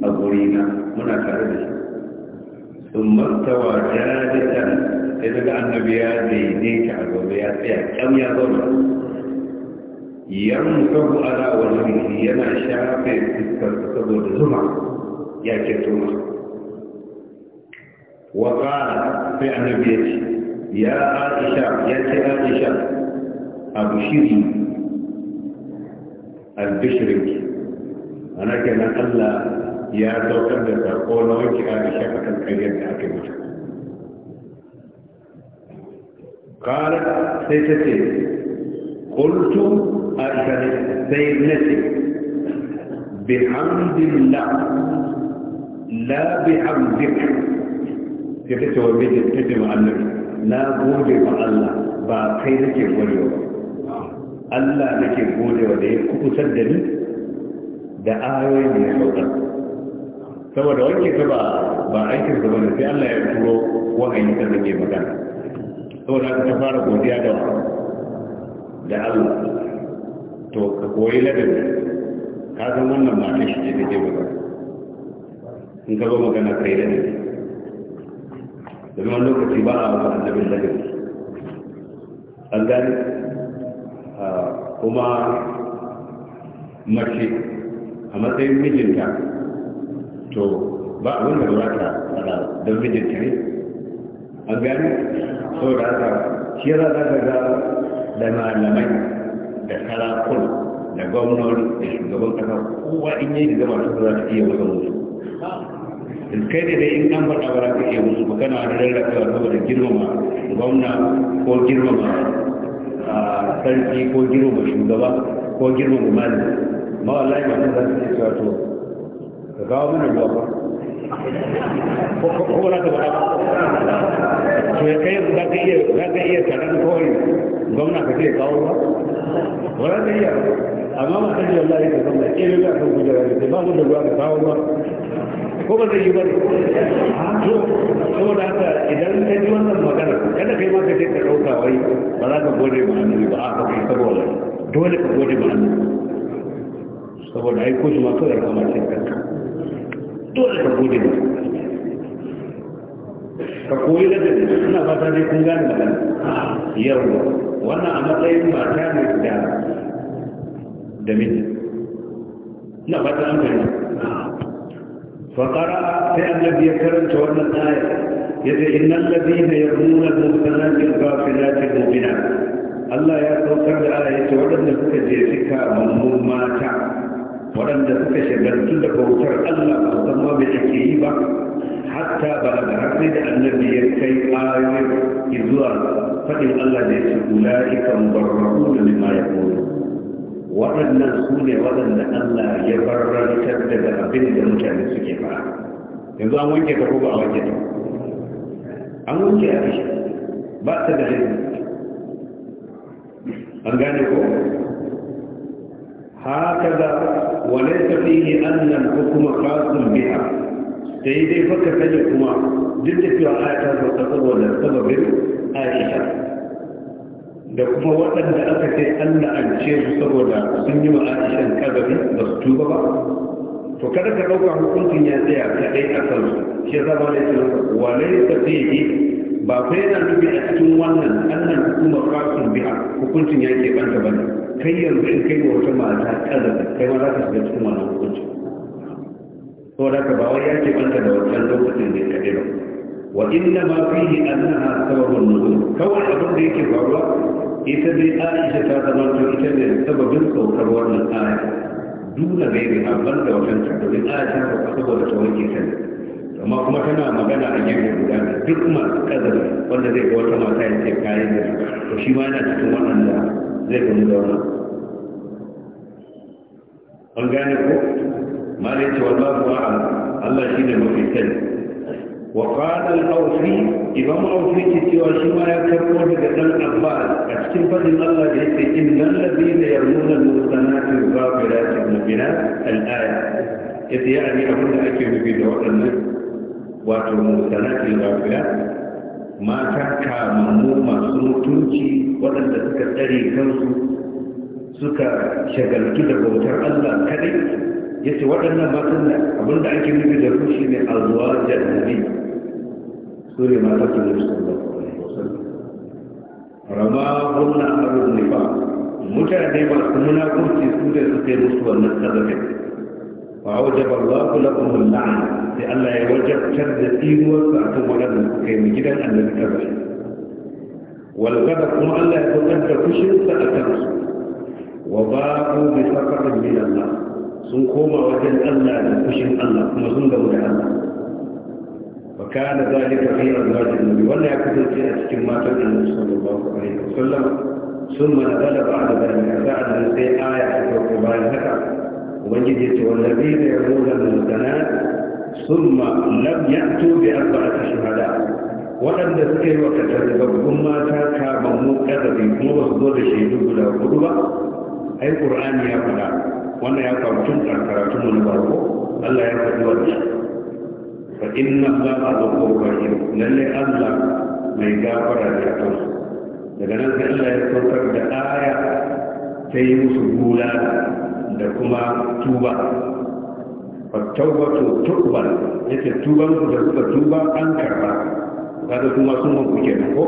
a gurina muna tare da shi ثم استوى جالسا إذا كان النبي يديك على وبياتك كم يظل ينصب على وجهه ينا شافي تستقبل زمع يا كتوما وقال في النبي يا عائشة يا عائشة أبشري البشرك أنا كان الله ya saukar da sako na wanki a isha a kan karyar da ake mutu kala sai ta ce kultu a isha sai na ce bihamdillah la bihamdik sai ta ce wa bijin ta ma'allar na gode wa Allah ba kai nake gode ba Allah nake gode wa da ya kubutar da ni da ayoyin ne ya saukar saboda wanke ta ba ba aikin da bane sai Allah ya turo wahayi ta zake magana saboda ka ta fara godiya da da Allah to ka koyi ladabi ka san wannan matan shi ce take magana in ka zo magana kai da ne da wannan lokaci ba a wani annabin ladabi an gani ah, kuma mace a matsayin mijinta to ba a da za ta fada don mijin tare an gani da aka shi yana za ka ga da malamai da karakul da gwamnoni da shugaban kasa kowa in yi da zama suka za ta iya wajen musu kai ne dai in an faɗa ba za ka iya musu ba kana da rarrabewa saboda girmama gwamna ko girmama sarki ko girmama shugaba ko girmama malamai ma yi masu ta za ta iya cewa to ka gawo mana ruwa ba ko za ka ba to ya kai za ka iya za ka iya tare kawai gwamna ka ce kawo ba ba za ka iya amma ma kan yalla ya zama da ke ruwa kan gujara da ba mu da ruwa ka kawo ba ko ba zai yi ba ne to saboda haka idan ka ji wannan magana kada kai ma ka je ka ɗauka wai ba za ka gode ma annabi ba a ka kai saboda dole ka gode ma annabi saboda ai ko shi ma kawai kama ce dole ka gode ba ka koyi da dade suna fata dai kun gane magana yau wannan a matsayin mata ne da da miji ina fata an fahimta فقرأ ya الذي يكرمت وأن الآية يدعي إن الذين يرمون المحسنات الغافلات المؤمنات الله waɗanda suka je وأن الكجيسك مماتا waɗanda suka shagaltu da bautar Allah ba san ma me take yi ba hatta ba da sai da annabi ya kai ayoyin izuwa faɗin Allah da ya ce da mubarrahu ya koyo waɗannan su ne waɗanda Allah ya barrantar daga abin da mutane suke fara yanzu an wanke ka ko ba a wanke ta an wanke a ba ta da laifi an gane ko هكذا وليس فيه أن الحكم خاص بها سيدي فكفلكما جد في آيات وتطول السبب عائشة da kuma waɗanda aka ce Allah an ce su saboda sun yi wa Aishan kazabi ba su tuba ba to kada ka ɗauka hukuncin ya tsaya a kansu shi zama ne ta ba fa yana nufi a cikin wannan annan kuma fasin biya hukuncin ya ke banta ba ne kai yanzu in kai wata mata kada kai ma za ka shiga cikin wannan hukuncin to da ka ba wai ya ke banta da wancan lokacin da ya ba wa inna ma fihi annaha sababun nuzul kawai abin da yake faruwa ita dai Aisha ta zama to ita ne sababin saukar wannan aya duna ne ga abban da wancan ta domin Aisha ta saboda ta wanke ta amma kuma tana magana a gefe guda duk masu kazari wanda zai ga wata mata ya ce kayan da to shi ma yana cikin waɗanda zai gamu da wannan an gane ko malai ce wallahu Allah shi ne mafi sani wa qala awfi imam awfi ke cewa shi ma ya karbo daga dan abbas a cikin fadin Allah da yake innal ladina yarmuna al-musanati ghafirati min al-aya yadda ya ne abin da ake nufi da waɗannan wato musanati gafiya, mata kamammu masu mutunci waɗanda suka tsare kansu suka shagalki da bautar Allah kadai ya ce waɗannan matan da abinda ake nufi da su shi ne a zuwa jannari su ne mata ke ne su ba rama wannan abin ne ba mutane masu munafurci su da suke musu wannan sadaka fa aujaballahu lakum al-la'na sai Allah ya wajabtar da tsiruwarsa a kan waɗanda suka yi gidan annabi kabari walgada kuma Allah ya saukar da fushinsa a kansu wa ba'u bi safarin min Allah sun koma wajen Allah da fushin Allah kuma sun gamu da Allah wa kana zalika fi azwajin nabi wannan ya kasance a cikin matan annabi sallallahu alaihi wasallam ثم نزل بعد ذلك سعد بن سيد آية في القرآن هكذا ومن جديد والذين يرمون المحسنات summa lam ya'tu bi arba'ati shuhada waɗanda suka yi wa kadarbabbun mata kamammu kadabi kuma ba su zo da shaidu guda hudu ba ai qur'ani ya faɗa wannan ya faru tun karatu mu na farko Allah ya faɗi wannan fa inna allaha ghafurur rahim lalle Allah mai gafara da kansa daga nan sai Allah ya saukar da aya ta yi musu hula da kuma tuba fattawatu tuqbal yake tuban ku da suka tuba an karba kaga kuma sun ku kenan ko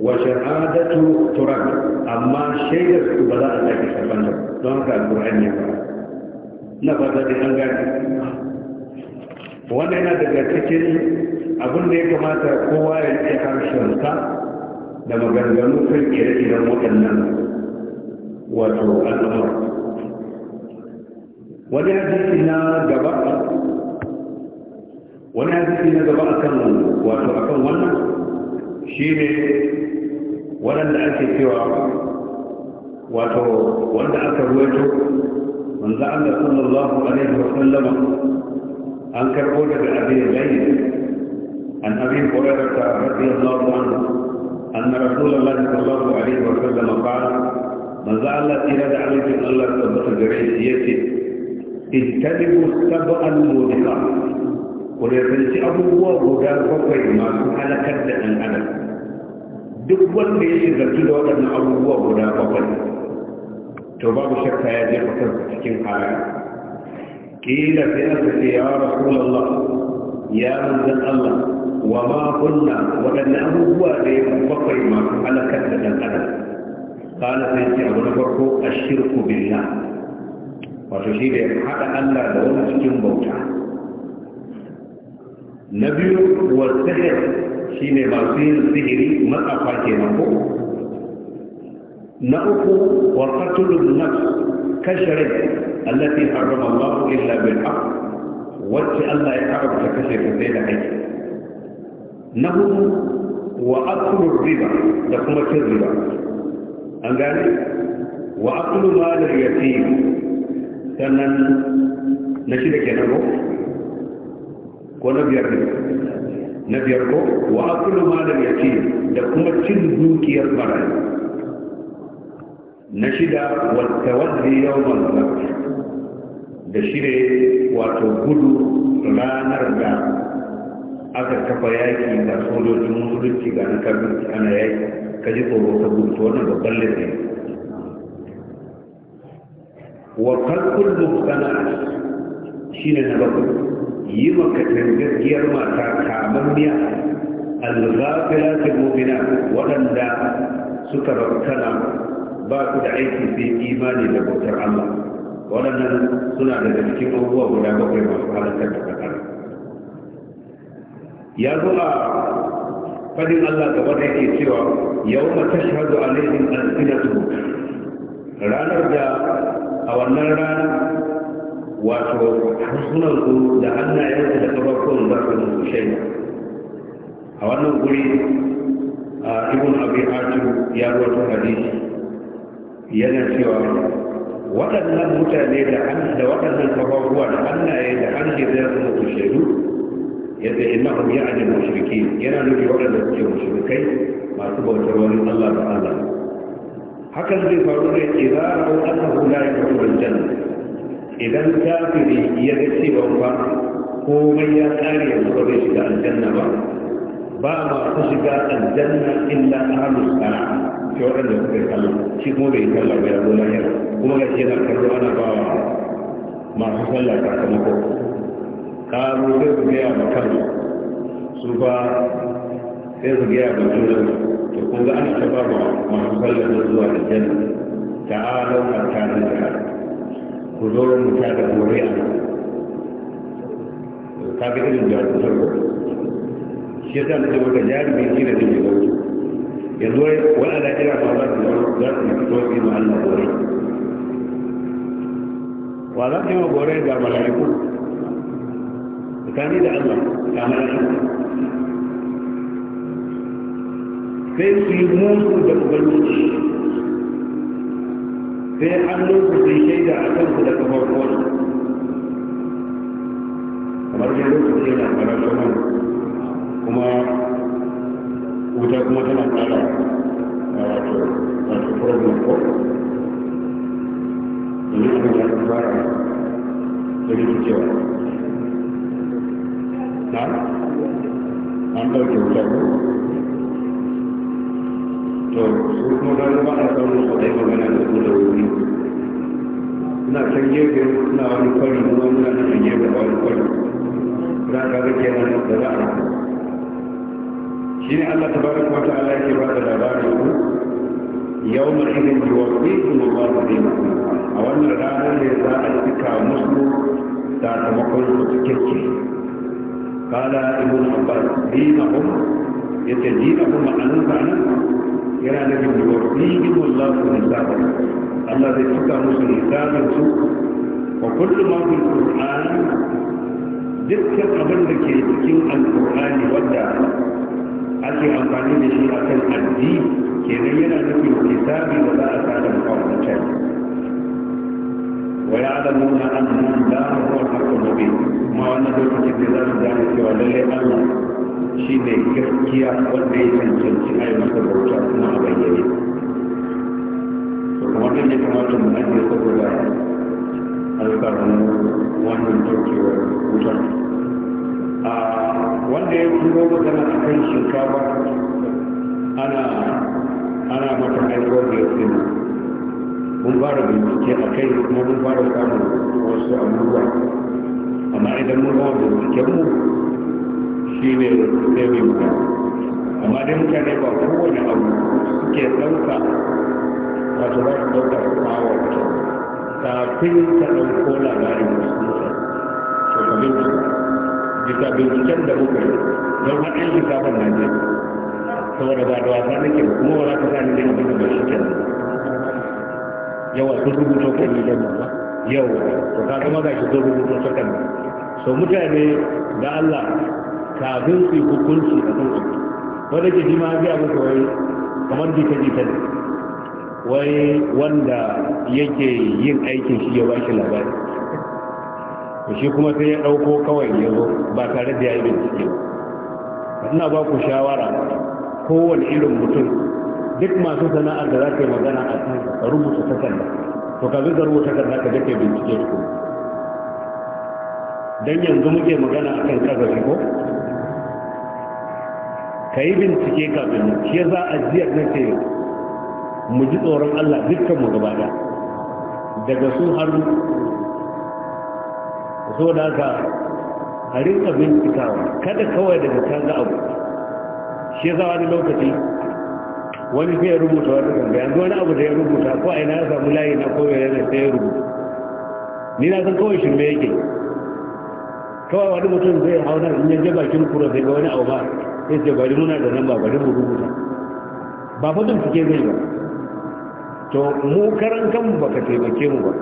wa shahadatu turab amma shaidar su ba za a sake karban ta don ka alqur'ani ya ba. na ba da an gane wannan yana daga cikin abin da ya kamata kowa ya harshen ka, da maganganu kan ire-iren waɗannan wato al'amura wani hadisi na gaba wani hadisi na gaba akan wato akan wannan shi ne waɗanda ake cewa wato wanda aka ruwaito manzo Allah sallallahu alaihi wa sallam an karbo daga abin layi an abin hurairah radiyallahu anhu anna rasulullahi sallallahu alaihi wa sallam qala manzo Allah tira da alaihi Allah tabbata gare shi yace اجتنبوا السبع الموبقات قل أبو أبوه وغدا فقوي ما سهل كد أن أنا دقوان بيش الرجل وغدا أبوه وغدا فقوي توبا بشكة يدي قصر تكين قال كيل في أسف يا رسول الله يا رسول الله وما قلنا وغدا أبوه فقوي ما سهل كد أن قال قال أبو أبوه الشرك بالله wato shi da haɗa Allah da wani cikin bauta na biyu wa sihir shi ne masu yin sihiri matsafa ke na ko na uku wa katulun nafs kashe rai allati harrama Allah illa bil haqq wacce Allah ya haramta kashe ta sai da aiki na hudu wa akulur riba da kuma cin riba an gane wa akulu malar yatim sannan na shida kenan ko ko na biyar ne na biyar ko wa akulu malam yake da kuma cin dukiyar marayu na shida wa tawaddi yawmal qiyamah da shire wato gudu ranar da aka kafa yaki da sojojin musulunci ga na kabin ana yaki kaji tsoro ka gudu wannan babban laifi wa farkul muhsana shine na bakwai yi maka tangaggiyar mata kamar miya al-ghafira mu'mina waɗanda suka rakkana ba su da aiki sai imani da bautar Allah waɗannan suna daga cikin abubuwa guda bakwai masu halakar da kasar ya zo a fadin Allah gaba da cewa yau mata shahadu alaihim ranar da a wannan rana wato harsunan ku da hannayen ku da kafafun za ku musu shaida a wannan guri a ibn abi hatim ya rawaito hadisi yana cewa waɗannan mutane da da waɗannan kafafuwa da hannaye da harshe za su musu shaidu yadda ya ajiye mashirki yana nufi waɗanda suke mashirkai masu bautar wani Allah da Allah hakan zai faru ne idan ra'au ya la da aljanna idan kafiri ya ga cewa ba mai ya tsari yanzu ba zai shiga aljanna ba ba ma ku shiga aljanna illa ahlus sa'a ke waɗanda suka yi kallon shi kuma bai sallah ba ya zo lahiyar kuma ga shi na kallo ana ba wa masu sallah ko karo zai su gaya ma kansu su ba sai su gaya ma junansu to kun ga an taba ba masu sallama zuwa da janna ta'alau a tare da ku zo mu ta da gore a ta ga irin da ku sarko shi yasa da wata jarumi shi da jin gaba yanzu wani da kira ba za su za su fito yi ma Allah gore wa za su yi ma gore ga mala'iku tsakani da Allah ga mala'iku sai su yi musu da ubangiji sai hannunsu sun shaida a kansu da kamar wani kamar yin lokaci yana fara zaman kuma wuta kuma tana fara a wato wato problem ko domin ya fi fara na an ɗauke wuta ko to su kuma don ba a samun su ɗai magana da su da wuri wani a wani kwari za ka da a shi ne Allah tabaraka wa ta'ala yake ba da labarin ku yawma idan yuwaffikum Allahu ne. a wannan ranar ne za a cika musu sakamakon su cikakke قال ابن عباس دينهم يتدينهم عن الزعنه yana da jin wa fihimun lafi nisaba Allah zai cika musu nisabin su wa kullum ma bil qur'an dukkan abin da ke cikin alqur'ani wanda ake amfani da shi akan addini kenan yana nufin nisabi da za a samu kwamfutar ويعلمون أن الله هو الحق المبين ما أن ذلك الجزاء ذلك ولله الله سچی نے گفٹ کیا اور نئی سینشن سکھائے اس کو پہنچا اپنا بھائی ہے تو ہم نے کہا تو میں نے کو بلایا ہلکا ہوں ون منٹر کی اور پوچھا ون ڈے ان لوگوں کو جانا پھر سوچا بٹ انا انا مٹر میں کو بھی اس دن ان بار بھی مجھے اکیل میں ان بار کا ہوں اس سے ہم لوگ ہمارے دن ملوں گے کہ ہم shi ne sai mai magana amma dai mutane ba kowane abu suke ɗauka wato ba su ɗauka su kawo kyau kafin ta ɗauko labarin musulunci to ka bincika bisa binciken da muka yi don haɗin lissafin najeriya saboda ba da wasa nake ba kuma wani ka sa ni da abin ba shi kenan yawa sun rubuto kan yi da ba yawa to ka ga shi sun rubuto kan so mutane da Allah kafin su yi hukunci a kan abu wanda ke jima ma biya muku wai kamar jita jita ne wai wanda yake yin aikin shi ya bashi labari shi kuma sai ya ɗauko kawai ya zo ba tare da ya yi bincike ba ina ba ku shawara kowane irin mutum duk masu sana'ar da za magana a kan ka rubuta takarda to ka zai rubuta takarda ka je ka bincike ku dan yanzu muke magana akan kazafi ko ka yi bincike kafin mu. shi za a jiya na ce mu ji tsoron Allah dukkan mu gaba da daga su har so da ka a rinka bincikawa kada kawai daga can a abu shi za wani lokaci wani sai ya rubuta wani kan bayan wani abu da ya rubuta ko a ina ya samu layi na kowai yana sai ya rubuta ni na san kawai shirme yake kawai wani mutum zai hau nan in yanzu bakin kura zai ga wani abu ba sai ce bari muna da nan ba bari mu rubuta ba fa bincike zai ba to mu karan kanmu baka taimake mu ba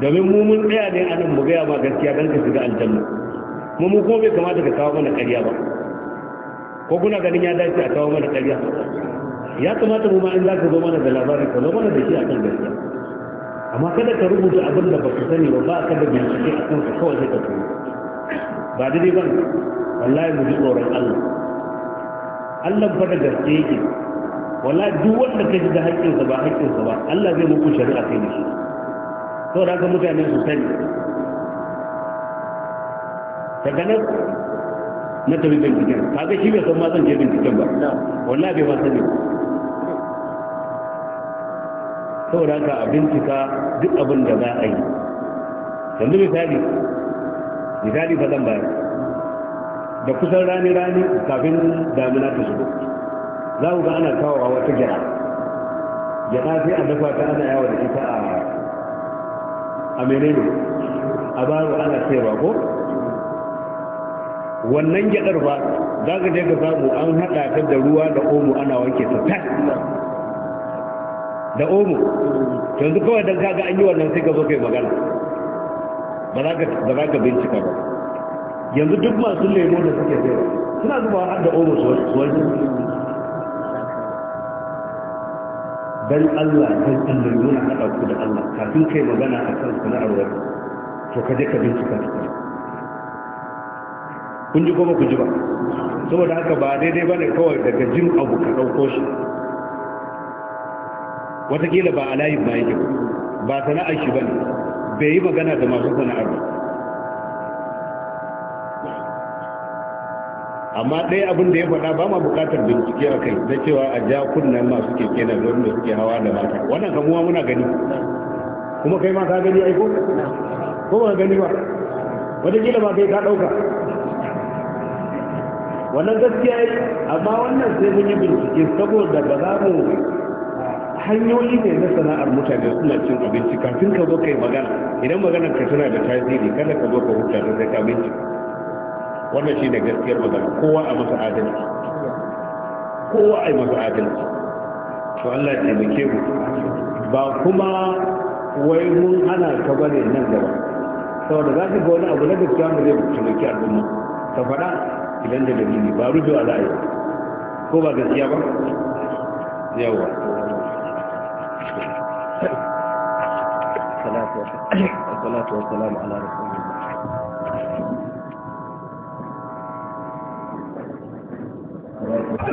domin mu mun tsaya ne anan mu gaya ba gaskiya don ka shiga aljanna mu mu ko bai kamata ka kawo mana ƙarya ba ko kuna ganin ya dace a kawo mana ƙarya ya kamata mu ma in za ka zo mana da labarin ka zo mana da shi akan gaskiya amma kada ka rubuta abin da ba ku sani ba ba ka da bincike akan ka kawai sai ka tsoro ba daidai ba wallahi mu ji tsoron Allah Allah fa da gaske yake wallahi duk wanda ka ji da haƙƙinsa ba haƙƙinsa ba Allah zai muku shari'a kai ne to da haka mutane su sani daga nan na tafi binciken kaga shi bai san ma zan je binciken ba wallahi bai ma sani saboda haka a bincika duk abin da za a yi yanzu misali misali fa zan bayar da kusan rani-rani kafin damina ta shigo za ku ga ana a wata gyada gyada sai a dafa ta ana yawa da ita a a menene a baro ana sayarwa ko wannan gyadar ba za ka je ka samu an haɗa ta da ruwa da omo ana wanke ta ta da omo yanzu kawai don kaga an yi wannan sai ka zo kai magana ba za ka bincika ba yanzu duk masu lemo da suke zai suna zuba har da omo su wani dan Allah don Allah nuna haɗa ku da Allah kafin kai magana a kan sana'ar wani to ka je ka bincika ta kun ji kuma ku ji ba saboda haka ba daidai ba ne kawai daga jin abu ka ɗauko shi watakila ba a layin ba yake ba sana'ar shi ba ne bai yi magana da masu sana'ar ba amma ɗaya abin da ya faɗa ba ma buƙatar bincike a kai na cewa a ja kunnen masu keke na zuwa da suke hawa da mata wannan kamuwa muna gani kuma kai ma ka gani aiko ko ba gani ba wataƙila ma kai ka ɗauka wannan gaskiya amma wannan sai mun yi bincike saboda ba za mu hanyoyi ne na sana'ar mutane suna cin abinci kafin ka zo kai magana idan magana ka tana da tasiri kada ka zo ka huta da sai ka bincika wannan shine gaskiyar magana kowa a masa adalci kowa a masa adalci to Allah ya taimake mu ba kuma wai mun hana ka bane nan gaba saboda za ka ga wani abu na gaskiya mu zai miki al'umma ka faɗa idan da dalili ba rubewa za a yi ko ba gaskiya ba yawa والصلاة والسلام على رسول الله